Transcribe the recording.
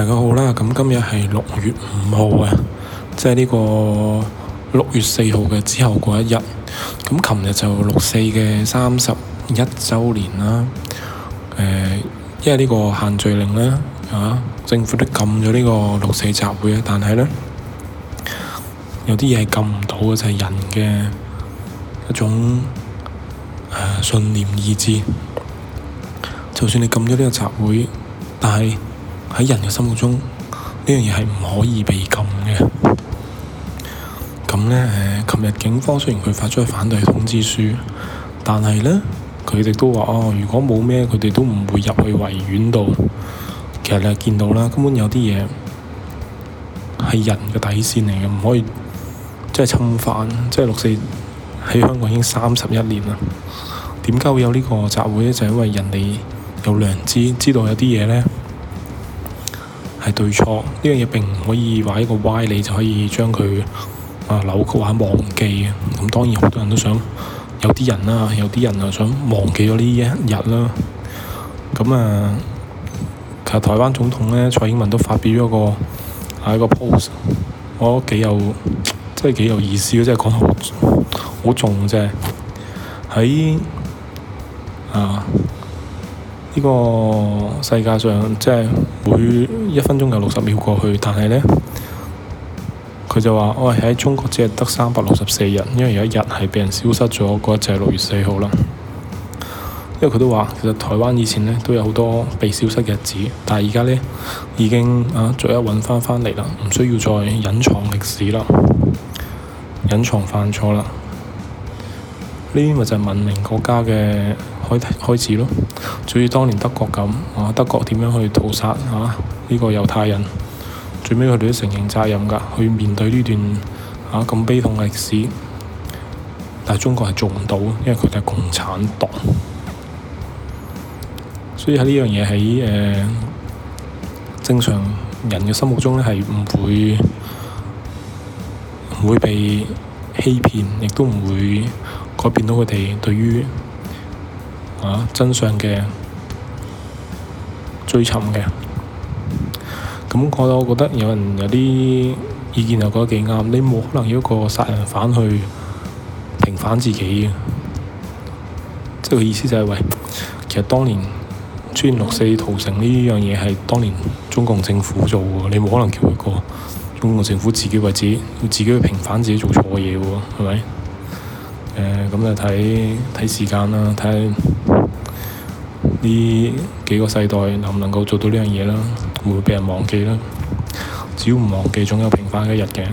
大家好啦，咁今日係六月五號啊，即係呢個六月四號嘅之後嗰一日。咁琴日就六四嘅三十一週年啦。誒、呃，因為呢個限聚令咧，嚇、啊、政府都禁咗呢個六四集會啊，但係咧有啲嘢係禁唔到嘅，就係、是、人嘅一種誒信念意志。就算你禁咗呢個集會，但係喺人嘅心目中，呢樣嘢係唔可以被禁嘅。咁咧誒，呃，琴日警方雖然佢發出反對通知書，但係咧佢哋都話：哦，如果冇咩，佢哋都唔會入去維園度。其實你見到啦，根本有啲嘢係人嘅底線嚟嘅，唔可以即係侵犯。即係六四喺香港已經三十一年啦，點解會有呢個集會咧？就係因為人哋有良知，知道有啲嘢咧。係對錯呢樣嘢並唔可以話一個歪理就可以將佢啊扭曲啊忘記咁當然好多人都想有啲人啦，有啲人啊想忘記咗呢一日啦。咁啊，其實台灣總統咧蔡英文都發表咗一個一個 post，我覺得幾有真係幾有意思嘅，真係講得好好重嘅，喺啊～呢個世界上即係每一分鐘有六十秒過去，但係咧，佢就話：「我係喺中國只係得三百六十四日，因為有一日係被人消失咗，嗰日就係六月四號啦。因為佢都話，其實台灣以前咧都有好多被消失嘅日子，但係而家咧已經啊逐一揾翻翻嚟啦，唔需要再隱藏歷史啦，隱藏犯錯啦。呢啲咪就係文明國家嘅開始咯，就好似當年德國咁啊，德國點樣去屠殺啊呢個猶太人？最尾佢哋都承認責任㗎，去面對呢段啊咁悲痛嘅歷史。但係中國係做唔到，因為佢哋係共產黨，所以喺呢樣嘢喺呃正常人嘅心目中咧係唔會唔會被欺騙，亦都唔會改變到佢哋對於。啊！真相嘅追尋嘅，咁我我覺得有人有啲意見又覺得幾啱。你冇可能要一個殺人犯去平反自己嘅，即係意思就係、是、喂，其實當年出六四屠城呢樣嘢係當年中共政府做嘅，你冇可能叫佢個中共政府自己為自己，要自己去平反自己做錯嘢喎，係咪？誒咁、呃、就睇睇時間啦，睇呢幾個世代能唔能夠做到呢樣嘢啦，會唔會被人忘記啦？只要唔忘記，總有平凡嘅一日嘅。